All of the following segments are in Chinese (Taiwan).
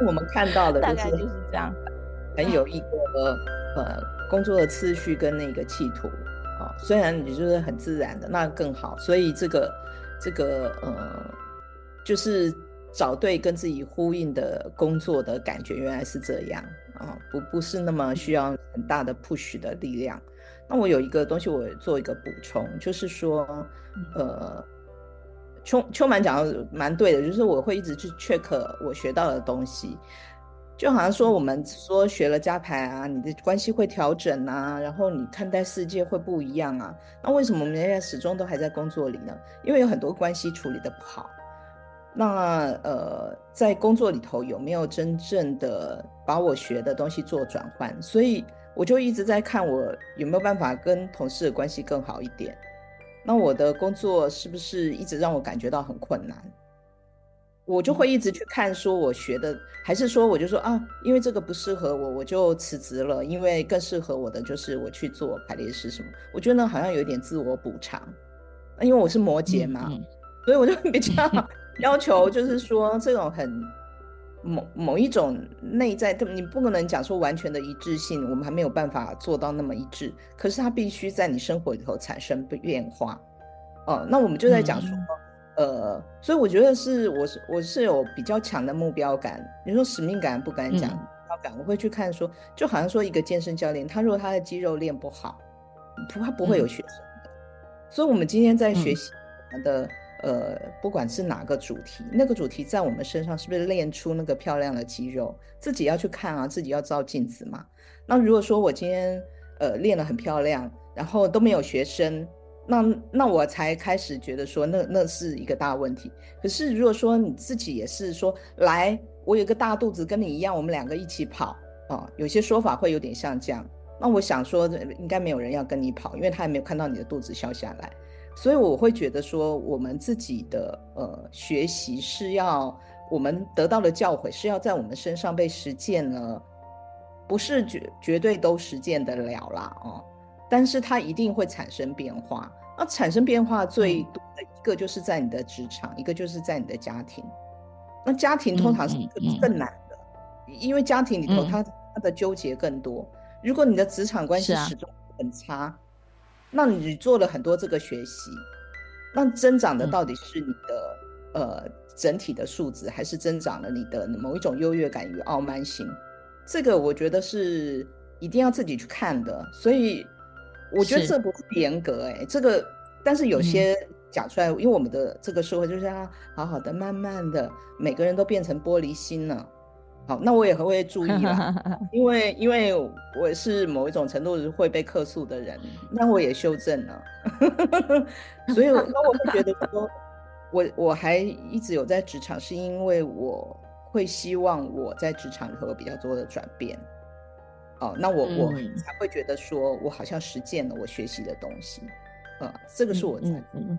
我們看到的就是這樣，很有一個呃工作的次序跟那個企圖，雖然你就是很自然的那更好，所以這個這個呃就是找對跟自己呼應的工作的感覺，原來是這樣啊，不、呃、不是那麼需要很大的 push 的力量。那我有一個東西我做一個補充，就是說呃。秋秋滿講的蠻對的，就是我會一直去 check 我學到的東西，就好像說我們說學了家排啊，你的關係會調整啊，然後你看待世界會不一樣啊。那為什麼我們現在始終都還在工作裡呢？因為有很多關係處理得不好。那呃，在工作裡頭有沒有真正的把我學的東西做轉換？所以我就一直在看我有沒有辦法跟同事的關係更好一點。那我的工作是不是一直讓我感覺到很困難？我就會一直去看，說我學的還是說我就說啊，因為這個不適合我，我就辭職了。因為更適合我的就是我去做排列師什麼。我覺得好像有點自我補償，啊，因為我是摩羯嘛，嗯嗯。所以我就比較要求，就是說這種很。某某一種內在，你不可能講說完全的一致性，我們還沒有辦法做到那麼一致。可是它必須在你生活裡頭產生變化。哦、嗯，那我們就在講說，嗯、呃，所以我覺得是，我是我是有比較強的目標感。比如說使命感不敢講，嗯、目標感我會去看說，就好像說一個健身教練，他如果他的肌肉練不好，他不會有學生的。嗯、所以我們今天在學習我們的。嗯呃，不管是哪個主題，那個主題在我們身上是不是練出那個漂亮的肌肉，自己要去看啊，自己要照鏡子嘛。那如果說我今天呃練得很漂亮，然後都沒有學生，那那我才開始覺得說那那是一個大問題。可是如果說你自己也是說來，我有個大肚子跟你一樣，我們兩個一起跑啊，哦，有些說法會有點像這樣。那我想說應該沒有人要跟你跑，因為他還沒有看到你的肚子消下來。所以我會覺得說，我們自己的呃學習是要我們得到的教誨是要在我們身上被實踐了，不是絕絕對都實踐得了啦哦，但是它一定會產生變化。那產生變化最多的一個就是在你的職場，嗯、一個就是在你的家庭。那家庭通常是更更難的，嗯嗯嗯、因為家庭裡頭他它、嗯、它的糾結更多。如果你的職場關係始終很差，那你做了很多這個學習，那增長的到底是你的、嗯、呃整體的素質，還是增長了你的某一種優越感與傲慢心？這個我覺得是一定要自己去看的。所以我覺得這不是嚴格誒、欸，是這個但是有些講出來，嗯、因為我們的這個社會就是要好好的、慢慢的，每個人都變成玻璃心了。好，那我也很會注意了， 因為因為我是某一種程度會被客訴的人，那我也修正了， 所以那我會覺得說，我，我還一直有在職場，是因為我會希望我在職場有比較多的轉變。哦、啊，那我、嗯、我才會覺得說，我好像實踐了我學習的東西、啊，這個是我在。嗯嗯嗯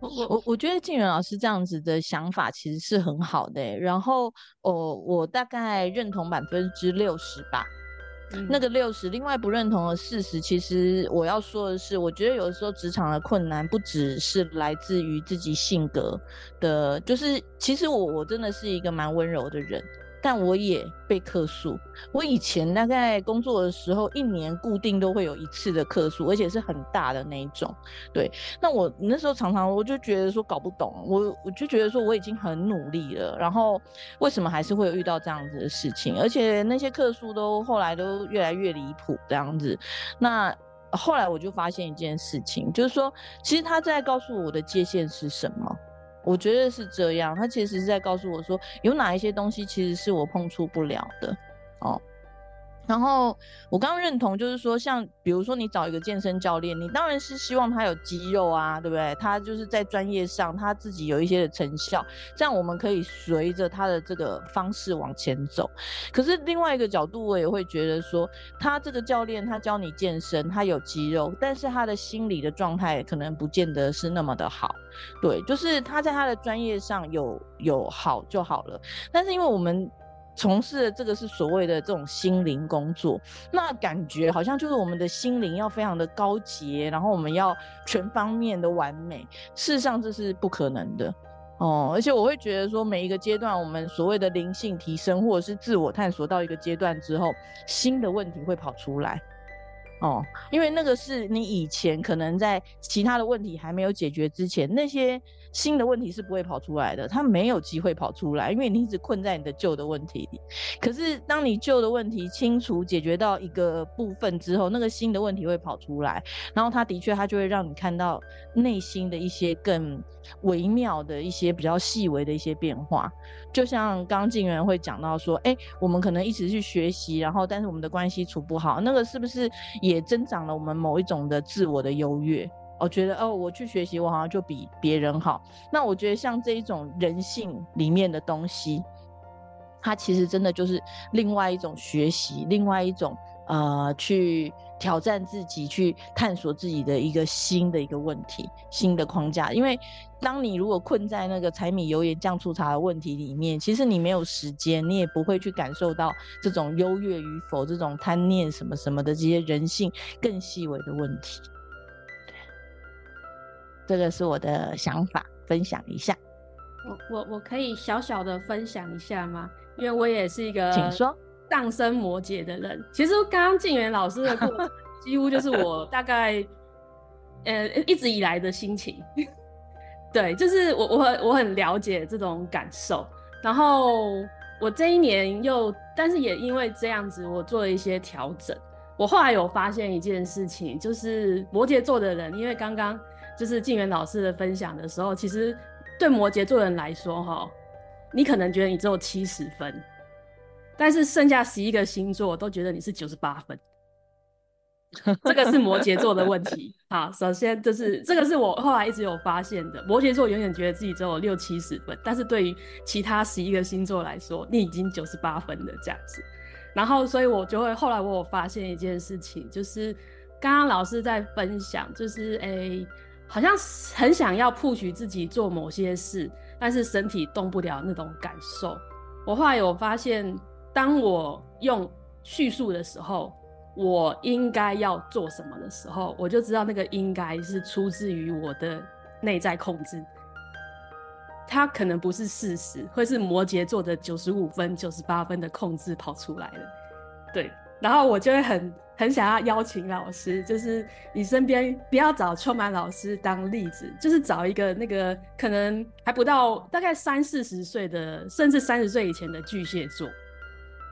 我我，我覺得靜遠老師這樣子的想法其實是很好的，欸，然後哦，我大概認同百分之六十吧，嗯，那個六十，另外不認同的四十，其實我要說的是，我覺得有的時候職場的困難不只是來自於自己性格的，就是其實我我真的是一個蠻溫柔的人。但我也被客訴，我以前大概工作的時候，一年固定都會有一次的客訴，而且是很大的那一種。對，那我那時候常常我就覺得說搞不懂，我我就覺得說我已經很努力了，然後為什麼還是會遇到這樣子的事情？而且那些客訴都後來都越來越離譜這樣子。那後來我就發現一件事情，就是說其實他在告訴我的界限是什麼。我覺得是這樣，他其實是在告訴我說，有哪一些東西其實是我碰觸不了的，哦。然後我剛剛認同，就是說，像比如說你找一個健身教練，你當然是希望他有肌肉啊，對不對？他就是在專業上，他自己有一些的成效，這樣我們可以隨着他的這個方式往前走。可是另外一個角度，我也會覺得說，他這個教練他教你健身，他有肌肉，但是他的心理的狀態可能不見得是那麼的好。對，就是他在他的專業上有有好就好了，但是因為我們。從事的這個是所謂的這種心靈工作，那感覺好像就是我們的心靈要非常的高潔，然後我們要全方面的完美，事實上這是不可能的哦、嗯。而且我會覺得說，每一個階段我們所謂的靈性提升或者是自我探索到一個階段之後，新的問題會跑出來。哦，因為那個是你以前可能在其他的問題還沒有解決之前，那些新的問題是不會跑出來的，它沒有機會跑出來，因為你一直困在你的舊的問題裡。可是當你舊的問題清除、解決到一個部分之後，那個新的問題會跑出來，然後它的確它就會讓你看到內心的一些更微妙的一些比較細微的一些變化。就像剛進園會講到說，哎、欸，我們可能一直去學習，然後但是我們的關係處不好，那個是不是？也增長了我們某一種的自我的優越，我覺得哦，我去學習，我好像就比別人好。那我覺得像這一種人性裡面的東西，它其實真的就是另外一種學習，另外一種呃去。挑戰自己，去探索自己的一個新的一個問題、新的框架。因為，當你如果困在那個柴米油鹽醬醋茶的問題裡面，其實你沒有時間，你也不會去感受到這種優越與否、這種貪念什麼什麼的這些人性更細微的問題。對，這個是我的想法，分享一下。我我我可以小小的分享一下嗎？因為我也是一個，請說。上升摩羯的人，其實剛剛靜源老師的課幾乎就是我大概， 呃，一直以來的心情。 對，就是我我我很了解這種感受。然後我這一年又，但是也因為這樣子，我做了一些調整。我後來有發現一件事情，就是摩羯座的人，因為剛剛就是靜源老師的分享的時候，其實對摩羯座的人來說，哈，你可能覺得你只有七十分。但是剩下十一個星座都覺得你是九十八分，這個是摩羯座的問題。好，首先就是這個是我後來一直有發現的，摩羯座永遠覺得自己只有六七十分，但是對於其他十一個星座來說，你已經九十八分的這樣子。然後，所以我就會後來我有發現一件事情，就是剛剛老師在分享，就是哎、欸，好像很想要 push 自己做某些事，但是身體動不了那種感受。我後來有發現。當我用敘述的時候，我應該要做什麼的時候，我就知道那個應該是出自於我的內在控制。它可能不是事實，會是摩羯座的九十五分、九十八分的控制跑出來了。對，然後我就會很很想要邀請老師，就是你身邊不要找充滿老師當例子，就是找一個那個可能還不到大概三四十歲的，甚至三十歲以前的巨蟹座。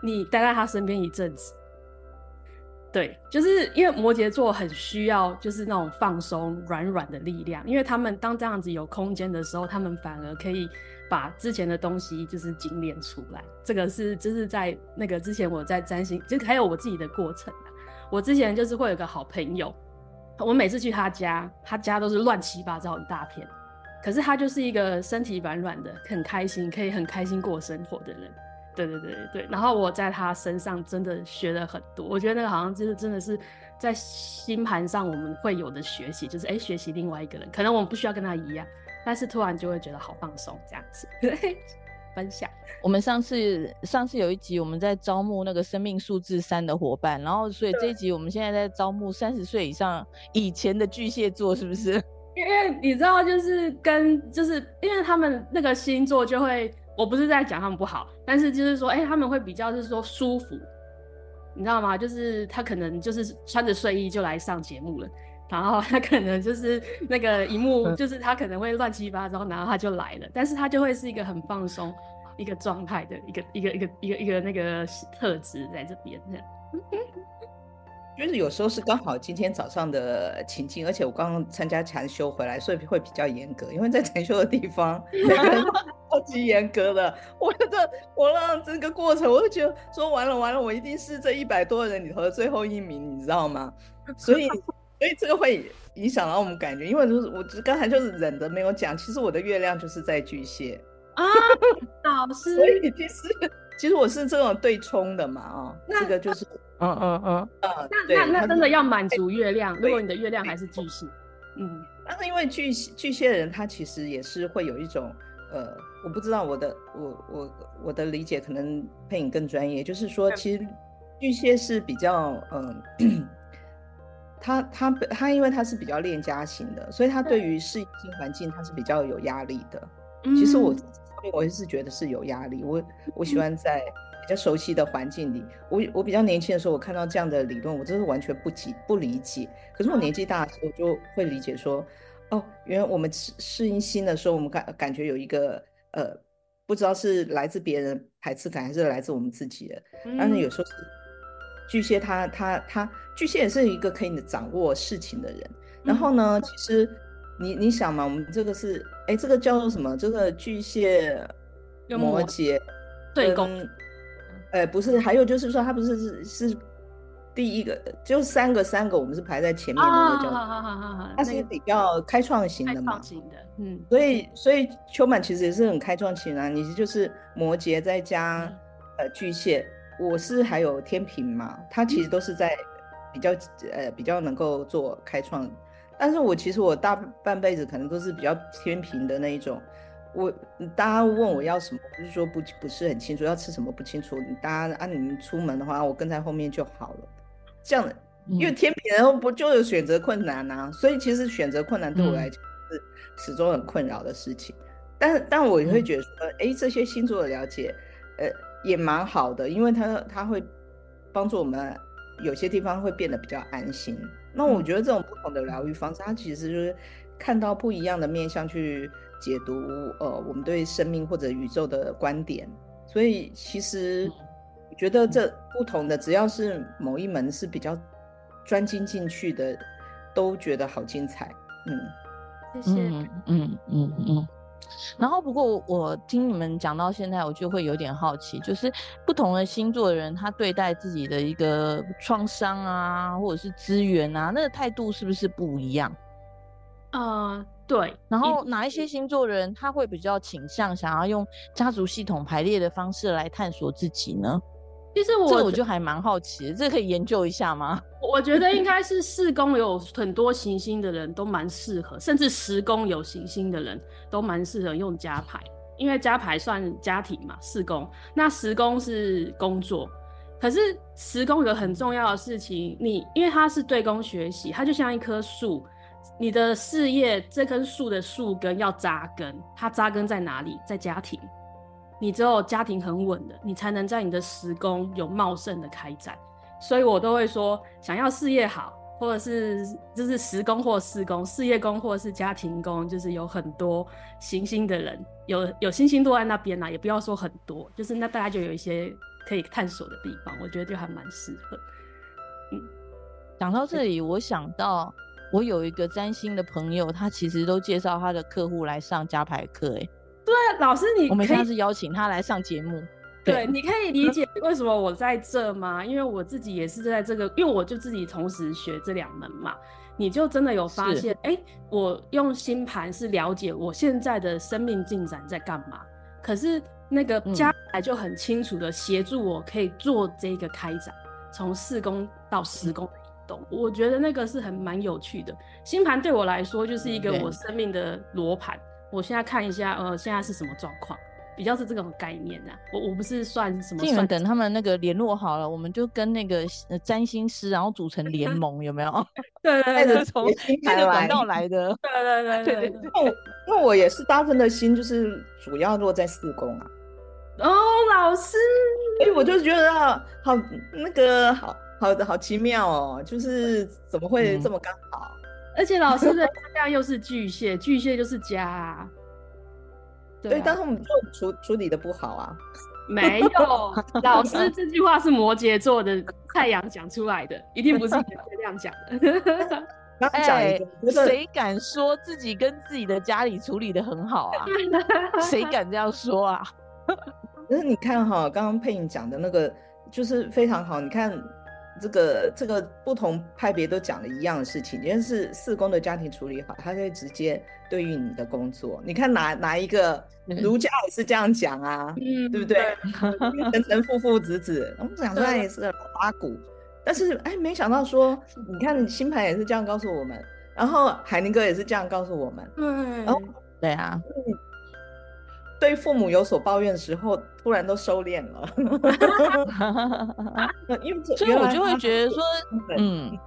你待在他身邊一陣子，對，就是因為摩羯座很需要就是那種放鬆、軟軟的力量，因為他們當這樣子有空間的時候，他們反而可以把之前的東西就是精煉出來。這個是就是在那個之前我在占星，就還有我自己的過程啊。我之前就是會有個好朋友，我每次去他家，他家都是亂七八糟一大片，可是他就是一個身體軟軟的、很開心、可以很開心過生活的人。對對對對，對，然後我在他身上真的學了很多，我覺得那個好像就是真的是在星盤上我們會有的學習，就是哎學習另外一個人，可能我們不需要跟他一樣，但是突然就會覺得好放鬆這樣子。對，分享。我們上次上次有一集我們在招募那個生命數字三的夥伴，然後所以這一集我們現在在招募三十歲以上以前的巨蟹座，是不是？因為你知道，就是跟就是因為他們那個星座就會。我不是在講他們不好，但是就是說，哎、欸，他們會比較是說舒服，你知道嗎？就是他可能就是穿着睡衣就來上節目了，然後他可能就是那個熒幕，就是他可能會亂七八糟，然後他就來了，但是他就會是一個很放鬆一個狀態的一個一個一個一個一個那個特質在這邊。就是有時候是剛好今天早上的情境，而且我剛剛參加禪修回來，所以會比較嚴格，因為在禪修的地方。 超級嚴格的，我覺得我讓這個過程，我就覺得說，完了完了，我一定是這一百多人裡頭的最後一名，你知道嗎？所以，所以這個會影響到我們感覺，因為就是我剛才就是忍着沒有講，其實我的月亮就是在巨蟹啊、哦，老師， 所以其實其實我是這種對沖的嘛，啊那，這個就是嗯嗯嗯，嗯那那對那真的要滿足月亮，對如果你的月亮還是巨蟹，對嗯，但是因為巨巨蟹的人他其實也是會有一種呃。我不知道我的我我我的理解可能配影更專業，就是說其實巨蟹是比較對嗯，他他他因為他是比較戀家型的，所以他對於適應新環境他是比較有壓力的。其實我、嗯、我也是覺得是有壓力。我我喜歡在比較熟悉的環境裡。我我比較年輕的時候，我看到這樣的理論，我真是完全不不理解。可是我年紀大了，我就會理解說，嗯、哦，原來我們適應新的時候，我們感感覺有一個。呃，不知道是來自別人排斥感，還是來自我們自己的。嗯、但是有時候巨蟹，他他他，巨蟹也是一個可以掌握事情的人。嗯、然後呢，其實你你想嘛，我們這個是，哎、欸，這個叫做什麼？這個巨蟹摩羯對宮。哎、欸，不是，還有就是說，他不是是。第一個就三個，三個我們是排在前面的，好好好好好，它是比較開創型的嘛，的嗯 Okay. 所，所以所以秋滿其實也是很開創型啊，你就是摩羯再加、嗯、呃巨蟹，我是還有天平嘛，它其實都是在比較、嗯、呃比較能夠做開創，但是我其實我大半輩子可能都是比較天平的那一種，我大家問我要什麼，不是說不、不是很清楚要吃什麼不清楚，大家按、啊、你們出門的話，我跟在後面就好了。這樣的，因為天平，然後不就有選擇困難啊？嗯、所以其實選擇困難對我來講是始終很困擾的事情。嗯、但但我也會覺得說，哎、嗯欸，這些星座的了解，呃，也蠻好的，因為它它會幫助我們有些地方會變得比較安心。那我覺得這種不同的療癒方式，嗯、它其實就是看到不一樣的面向去解讀，呃，我們對生命或者宇宙的觀點。所以其實，嗯覺得這不同的，只要是某一門是比較專精進去的，都覺得好精彩，嗯，謝謝，嗯嗯嗯嗯。然後不過我聽你們講到現在，我就會有點好奇，就是不同的星座的人，他對待自己的一個創傷啊，或者是資源啊，那個態度是不是不一樣？啊，呃，對。然後哪一些星座的人他會比較傾向想要用家族系統排列的方式來探索自己呢？其實我，這我就還蠻好奇的，這可以研究一下嗎？我覺得應該是四宮有很多行星的人都蠻適合， 甚至十宮有行星的人都蠻適合用家排，因為家排算家庭嘛，四宮那十宮是工作，可是十宮有個很重要的事情，你因為它是對宮學習，它就像一棵樹，你的事業這棵樹的樹根要扎根，它扎根在哪裡？在家庭。你只有家庭很穩的，你才能在你的時宮有茂盛的開展。所以我都會說，想要事業好，或者是就是時宮或事宮、事業宮或者是家庭宮，就是有很多行星的人，有有星星都在那邊啦、啊，也不要說很多，就是那大家就有一些可以探索的地方。我覺得就還蠻適合。嗯，講到這裡，我想到我有一個占星的朋友，他其實都介紹他的客戶來上家排課、欸，對，老師，你可以我們現在是邀請他來上節目。對，對，你可以理解為什麼我在這嗎？ 因為我自己也是在這個，因為我就自己同時學這兩門嘛。你就真的有發現，哎是、欸，我用星盤是了解我現在的生命進展在幹嘛。可是那個家排就很清楚的協助我可以做這個開展，從四宮到十宮懂？嗯、我覺得那個是很蠻有趣的。星盤對我來說就是一個我生命的羅盤。嗯我現在看一下，呃，現在是什麼狀況？比較是這種概念的。我我不是算什麼算？等他們那個聯絡好了，我們就跟那個、呃、占星師，然後組成聯盟，有沒有？ 對、對、對對對，從新來、來的。 對對對對、對、對、對。那我那我也是大部分的心就是主要落在四宮啊。哦，老師，哎，我就覺得好、好那個好好的好奇妙哦，就是怎麼會這麼剛好？嗯而且老師的太陽又是巨蟹， 巨蟹就是家，啊，對，啊，對，但是我們就處處理得不好啊。 沒有，老師這句話是摩羯座的太陽講出來的，一定不是這樣講的。 剛剛講 一個，誰，欸就是，敢說自己跟自己的家裡處理得很好啊？誰 敢這樣說啊？可 是你看哈，哦，剛剛佩穎講的那個就是非常好，你看。這個這個不同派別都講的一樣的事情，就是四宮的家庭處理好，他可以直接對於你的工作。你看哪、哪一個儒家也是這樣講啊，嗯，對不對？臣臣、嗯、父父子子，我們講出來也是老八股。但是哎，沒想到說，你看星盤也是這樣告訴我們，然後海寧哥也是這樣告訴我們，嗯對。然後對啊。嗯對父母有所抱怨的時候，突然都收斂了。 所以我就會覺得說，嗯，嗯，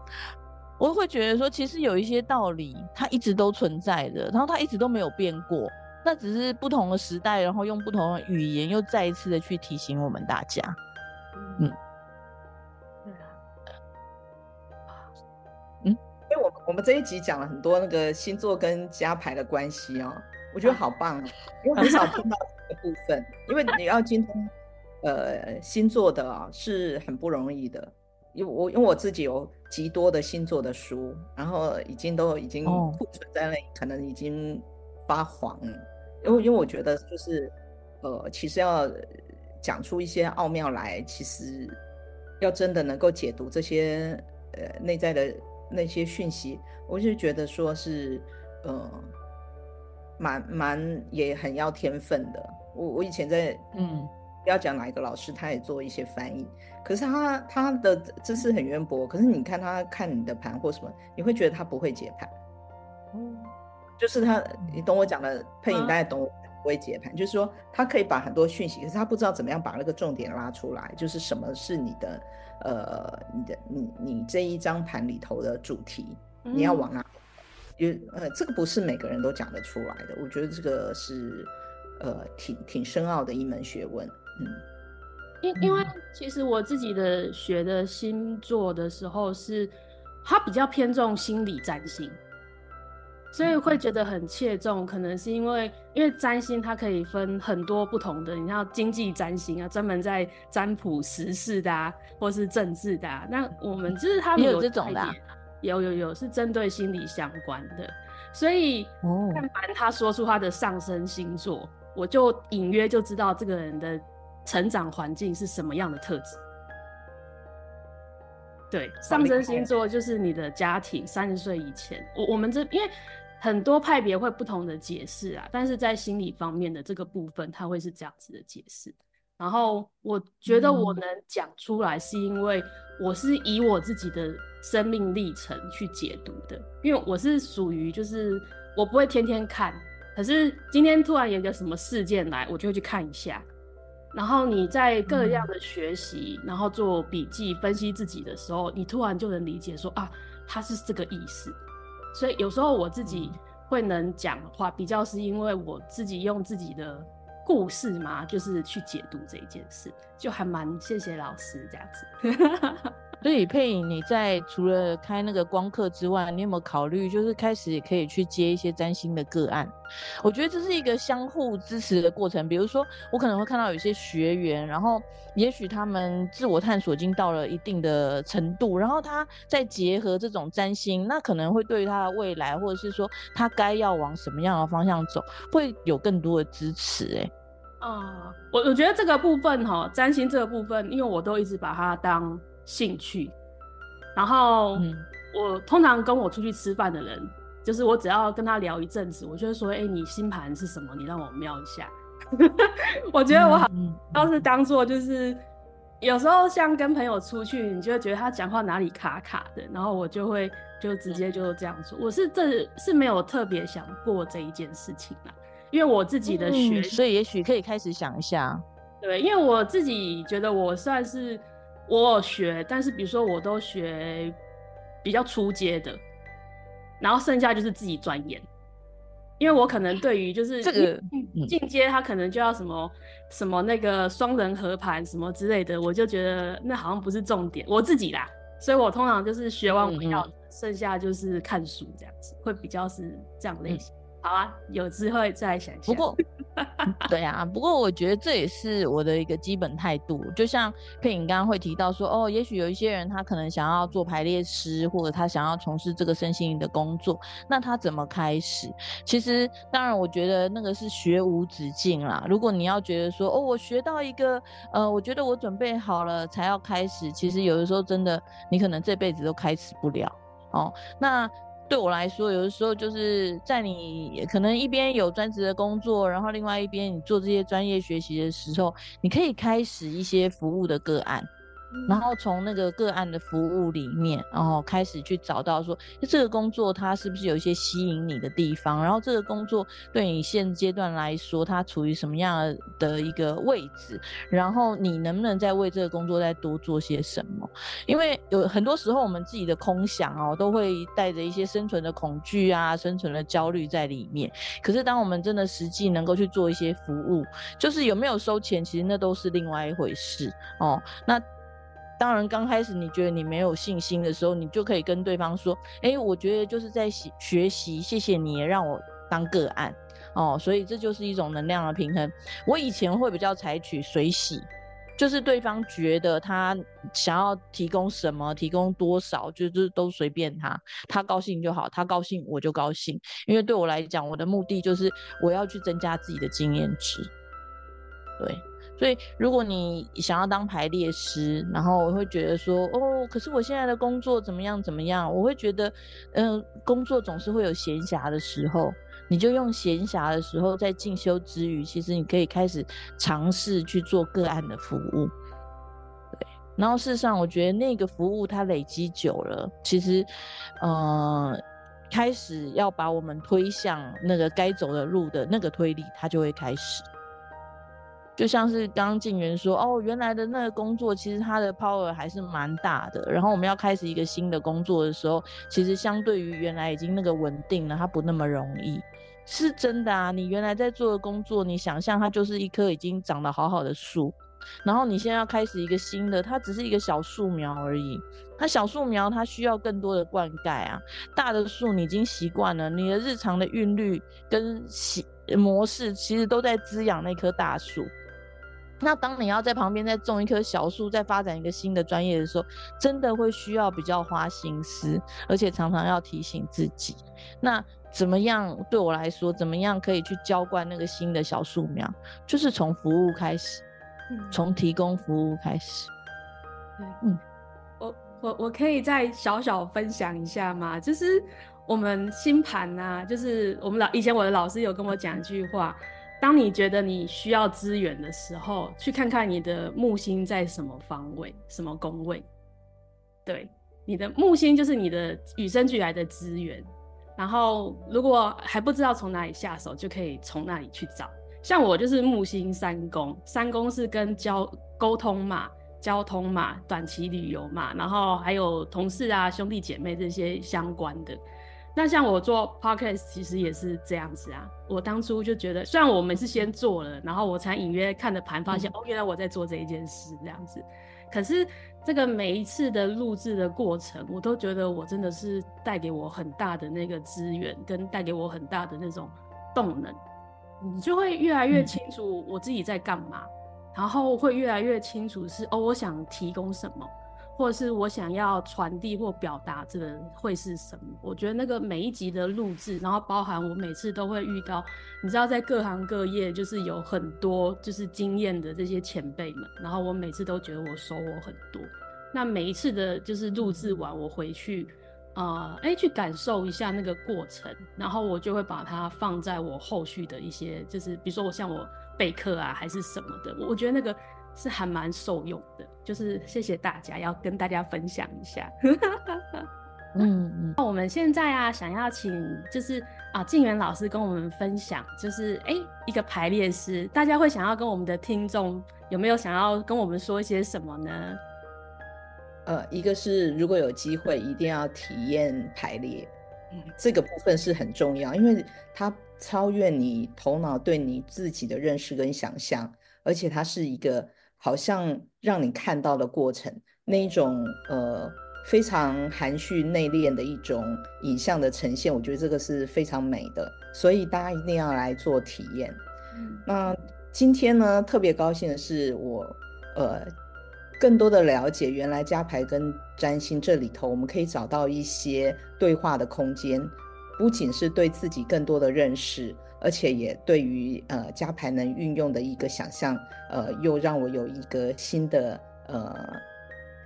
我會覺得說，其實有一些道理，它一直都存在的，然後它一直都沒有變過。那只是不同的時代，然後用不同的語言，又再一次的去提醒我們大家。嗯，對啊，嗯。因為我們我們這一集講了很多那個星座跟家牌的關係啊、哦。我覺得好棒，啊，因為很少碰到這個部分， 因為你要精通呃星座的啊，是很不容易的。因為我因為我自己有極多的星座的書，然後已經都已經不存在了，哦、可能已經發黃了。因為因為我覺得就是呃，其實要講出一些奧妙來，其實要真的能夠解讀這些呃內在的那些訊息，我就覺得說是呃。蠻蠻也很要天分的。我我以前在，嗯，不要講哪一個老師，他也做一些翻譯。可是他他的知識很淵博，可是你看他看你的盤或什麼，你會覺得他不會解盤。哦、嗯。就是他，你懂我講的配音，大家、嗯、懂我、啊、不會解盤？就是說他可以把很多訊息，可是他不知道怎麼樣把那個重點拉出來。就是什麼是你的，呃，你的你你這一張盤裡頭的主題，嗯、你要往哪？呃，這個不是每個人都講得出來的。我覺得這個是，呃，挺挺深奧的一門學問。嗯，因，因為其實我自己的學的星座的時候是，他比較偏重心理占星，所以會覺得很切中。可能是因為、嗯、因為占星它可以分很多不同的，你像經濟占星啊，專門在占卜時事的啊，或是政治的啊。那我們就是他沒有這種的、啊。有有有，是針對心理相關的，所以但凡他說出他的上升星座，哦、我就隱約就知道這個人的成長環境是什麼樣的特質。對，上升星座就是你的家庭。三十歲以前，我我們這因為很多派別會不同的解釋啊，但是在心理方面的這個部分，他會是這樣子的解釋。然後我覺得我能講出來，是因為我是以我自己的。生命歷程去解讀的，因為我是屬於就是我不會天天看，可是今天突然有個什麼事件來，我就會去看一下。然後你在各樣的學習，然後做筆記分析自己的時候，你突然就能理解說啊，他是這個意思。所以有時候我自己會能講的話，比較是因為我自己用自己的故事嘛，就是去解讀這一件事，就還蠻謝謝老師這樣子。 所以佩影，你在除了開那個光刻之外，你有沒有考慮就是開始也可以去接一些占星的個案？嗯、我覺得這是一個相互支持的過程。比如說，我可能會看到有些學員，然後也許他們自我探索已經到了一定的程度，然後他再結合這種占星，那可能會對於他的未來，或者是說他該要往什麼樣的方向走，會有更多的支持、欸。哎、呃，啊，我我覺得這個部分哈，占星這個部分，因為我都一直把它當。興趣，然後、嗯、我通常跟我出去吃飯的人，就是我只要跟他聊一陣子，我就會說：“哎、欸，你星盤是什麼？你讓我瞄一下。 ”我覺得我好，要是當做就是，嗯嗯、有時候像跟朋友出去，你就會覺得他講話哪裡卡卡的，然後我就會就直接就這樣說。我是這是沒有特別想過這一件事情啦，因為我自己的學習、嗯，所以也許可以開始想一下。對，因為我自己覺得我算是。我有學，但是比如說我都學比較初階的，然後剩下就是自己鑽研，因為我可能對於就是這個進階，他可能就要什麼什麼那個雙人合盤什麼之類的，我就覺得那好像不是重點，我自己啦，所以我通常就是學完我們要剩下就是看書這樣子，會比較是這樣類型的。好啊，有機會再想一想。不過。 對啊，不過我覺得這也是我的一個基本態度。就像佩穎剛剛會提到說，哦，也許有一些人他可能想要做排列師，或者他想要從事這個身心靈的工作，那他怎麼開始？其實，當然，我覺得那個是學無止境啦。如果你要覺得說，哦，我學到一個，呃，我覺得我準備好了才要開始，其實有的時候真的，你可能這輩子都開始不了哦。那對我來說，有的時候就是在你可能一邊有專職的工作，然後另外一邊你做這些專業學習的時候，你可以開始一些服務的個案。然後從那個個案的服務裡面，然後，哦，開始去找到說，這個工作它是不是有一些吸引你的地方？然後這個工作對你現階段來說，它處於什麼樣的一個位置？然後你能不能再為這個工作再多做些什麼？因為有很多時候我們自己的空想哦，都會帶着一些生存的恐懼啊、生存的焦慮在裡面。可是當我們真的實際能夠去做一些服務，就是有沒有收錢，其實那都是另外一回事哦。那。當然，剛開始你覺得你沒有信心的時候，你就可以跟對方說：“哎，我覺得就是在學習，謝謝你讓我當個案哦。”所以這就是一種能量的平衡。我以前會比較採取隨喜，就是對方覺得他想要提供什麼、提供多少，就是都隨便他，他高興就好，他高興我就高興，因為對我來講，我的目的就是我要去增加自己的經驗值。對。所以，如果你想要當排列師，然後我會覺得說，哦，可是我現在的工作怎麼樣怎麼樣？我會覺得，嗯、呃，工作總是會有閒暇的時候，你就用閒暇的時候，在進修之餘，其實你可以開始嘗試去做個案的服務。對，然後事實上，我覺得那個服務它累積久了，其實，呃，開始要把我們推向那個該走的路的那個推力，它就會開始。就像是剛剛靜雲說，哦，原來的那個工作其實它的 power 還是蠻大的。然後我們要開始一個新的工作的時候，其實相對於原來已經那個穩定了，它不那麼容易。是真的啊，你原來在做的工作，你想象它就是一棵已經長得好好的樹，然後你現在要開始一個新的，它只是一個小樹苗而已。它小樹苗它需要更多的灌溉啊。大的樹你已經習慣了，你的日常的韻律跟習模式其實都在滋養那棵大樹。那當你要在旁邊再種一棵小樹，再發展一個新的專業的時候，真的會需要比較花心思，而且常常要提醒自己，那怎麼樣對我來說，怎麼樣可以去澆灌那個新的小樹苗，就是從服務開始，從提供服務開始。嗯，嗯我我我可以再小小分享一下嗎？就是我們星盤吶、啊，就是我們老以前我的老師有跟我講一句話。當你覺得你需要資源的時候，去看看你的木星在什麼方位、什麼宮位。對，你的木星就是你的與生俱來的資源。然後，如果還不知道從哪裡下手，就可以從那裡去找。像我就是木星三宮，三宮是跟交溝通嘛、交通嘛、短期旅遊嘛，然後還有同事啊、兄弟姐妹這些相關的。那像我做 Podcast，其實也是這樣子啊。我當初就覺得，雖然我們是先做了，然後我才隱約看着盤，發現、嗯、哦，原來我在做這一件事這樣子。可是這個每一次的錄制的過程，我都覺得我真的是帶給我很大的那個資源，跟帶給我很大的那種動能。你、嗯、就會越來越清楚我自己在幹嘛，嗯、然後會越來越清楚是哦，我想提供什麼。或者是我想要傳遞或表達這個會是什麼？我覺得那個每一集的錄製，然後包含我每次都會遇到，你知道在各行各業就是有很多就是經驗的這些前輩們，然後我每次都覺得我收穫很多。那每一次的就是錄製完我回去啊、呃，哎、欸、去感受一下那個過程，然後我就會把它放在我後續的一些，就是比如說我像我備課啊還是什麼的，我覺得那個。是還蠻受用的，就是謝謝大家，要跟大家分享一下。 嗯，那、啊、我們現在啊，想要請就是啊，靜源老師跟我們分享，就是哎、欸，一個排列師，大家會想要跟我們的聽眾有沒有想要跟我們說一些什麼呢？呃，一個是如果有機會，一定要體驗排列，這個部分是很重要，因為它超越你頭腦對你自己的認識跟想象，而且它是一個。好像讓你看到的過程，那一種呃非常含蓄內斂的一種影像的呈現，我覺得這個是非常美的，所以大家一定要來做體驗。那今天呢，特別高興的是我呃更多的了解，原來家排跟占星這裡頭，我們可以找到一些對話的空間，不僅是對自己更多的認識。而且也對於呃加牌能運用的一個想象，呃，又讓我有一個新的呃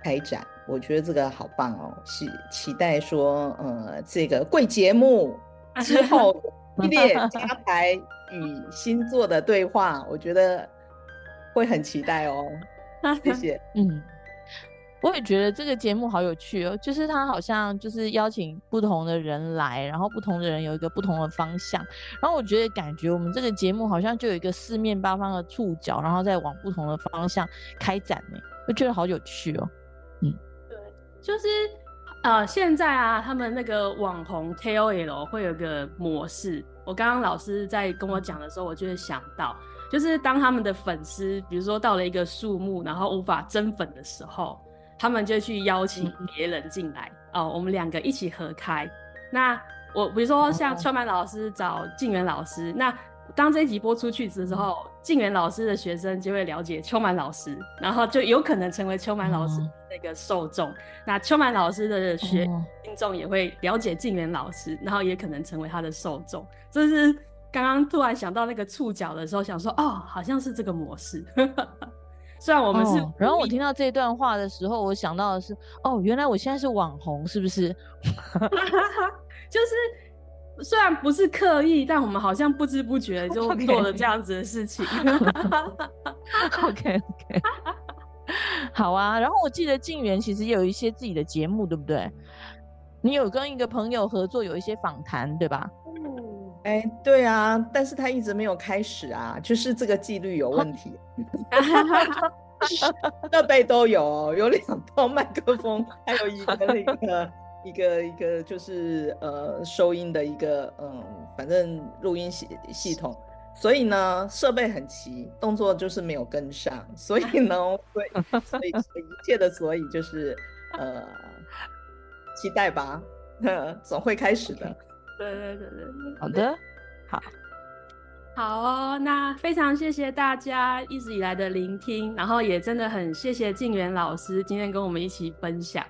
開展，我覺得這個好棒哦，是期待說呃這個貴節目之後系列加牌與星座的對話， 我覺得會很期待哦， 謝謝，嗯。我也覺得這個節目好有趣哦，就是他好像就是邀請不同的人來，然後不同的人有一個不同的方向，然後我覺得感覺我們這個節目好像就有一個四面八方的觸角，然後再往不同的方向開展呢，我覺得好有趣哦。嗯，對，就是、呃、現在啊，他們那個網紅 KOL 會有個模式，我剛剛老師在跟我講的時候，我就會想到，就是當他們的粉絲比如說到了一個數目，然後無法增粉的時候。他們就去邀請別人進來，嗯、哼哦，我們兩個一起合開。那我比如說像秋滿老師找靜元老師，嗯、哼那當這一集播出去之後，靜元、嗯、哼老師的學生就會了解秋滿老師，然後就有可能成為秋滿老師的那個受眾。嗯、哼那秋滿老師的學聽眾也會了解靜元老師，然後也可能成為他的受眾。這，就是剛剛突然想到那個觸角的時候，想說哦，好像是這個模式。 雖然我們是、哦，然後我聽到這一段話的時候，我想到的是，哦，原來我現在是網紅，是不是？ 就是雖然不是刻意，但我們好像不知不覺就做了這樣子的事情。Okay. OK OK， 好啊。然後我記得靜源其實也有一些自己的節目，對不對？你有跟一個朋友合作，有一些訪談，對吧？哎，對啊，但是他一直沒有開始啊，就是這個紀律有問題。 設備都有，有兩套麥克風，還有一個那個一個一個，一個就是呃收音的一個嗯，反正錄音系系統。所以呢，設備很齊，動作就是沒有跟上。所以呢，所以所以，所以，所以一切的所以就是呃，期待吧，總會開始的。對對對對，對，好的，好，好哦。那非常謝謝大家一直以來的聆聽，然後也真的很謝謝靜源老師今天跟我們一起分享。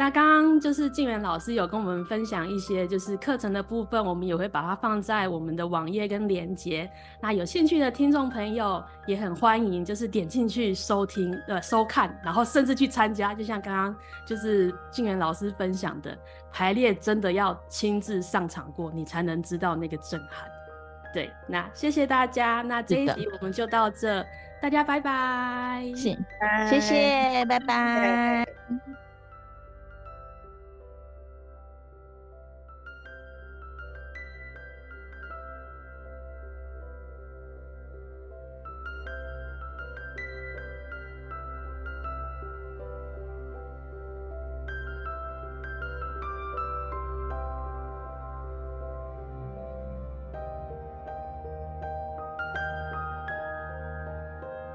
那剛剛就是靜媛老師有跟我們分享一些就是課程的部分，我們也會把它放在我們的網頁跟連接。那有興趣的聽眾朋友也很歡迎，就是點進去收聽呃收看，然後甚至去參加。就像剛剛就是靜媛老師分享的，排列真的要親自上場過，你才能知道那個震撼。對，那謝謝大家，那這一集我們就到這，的大家拜拜。是拜拜謝謝，拜拜。拜拜。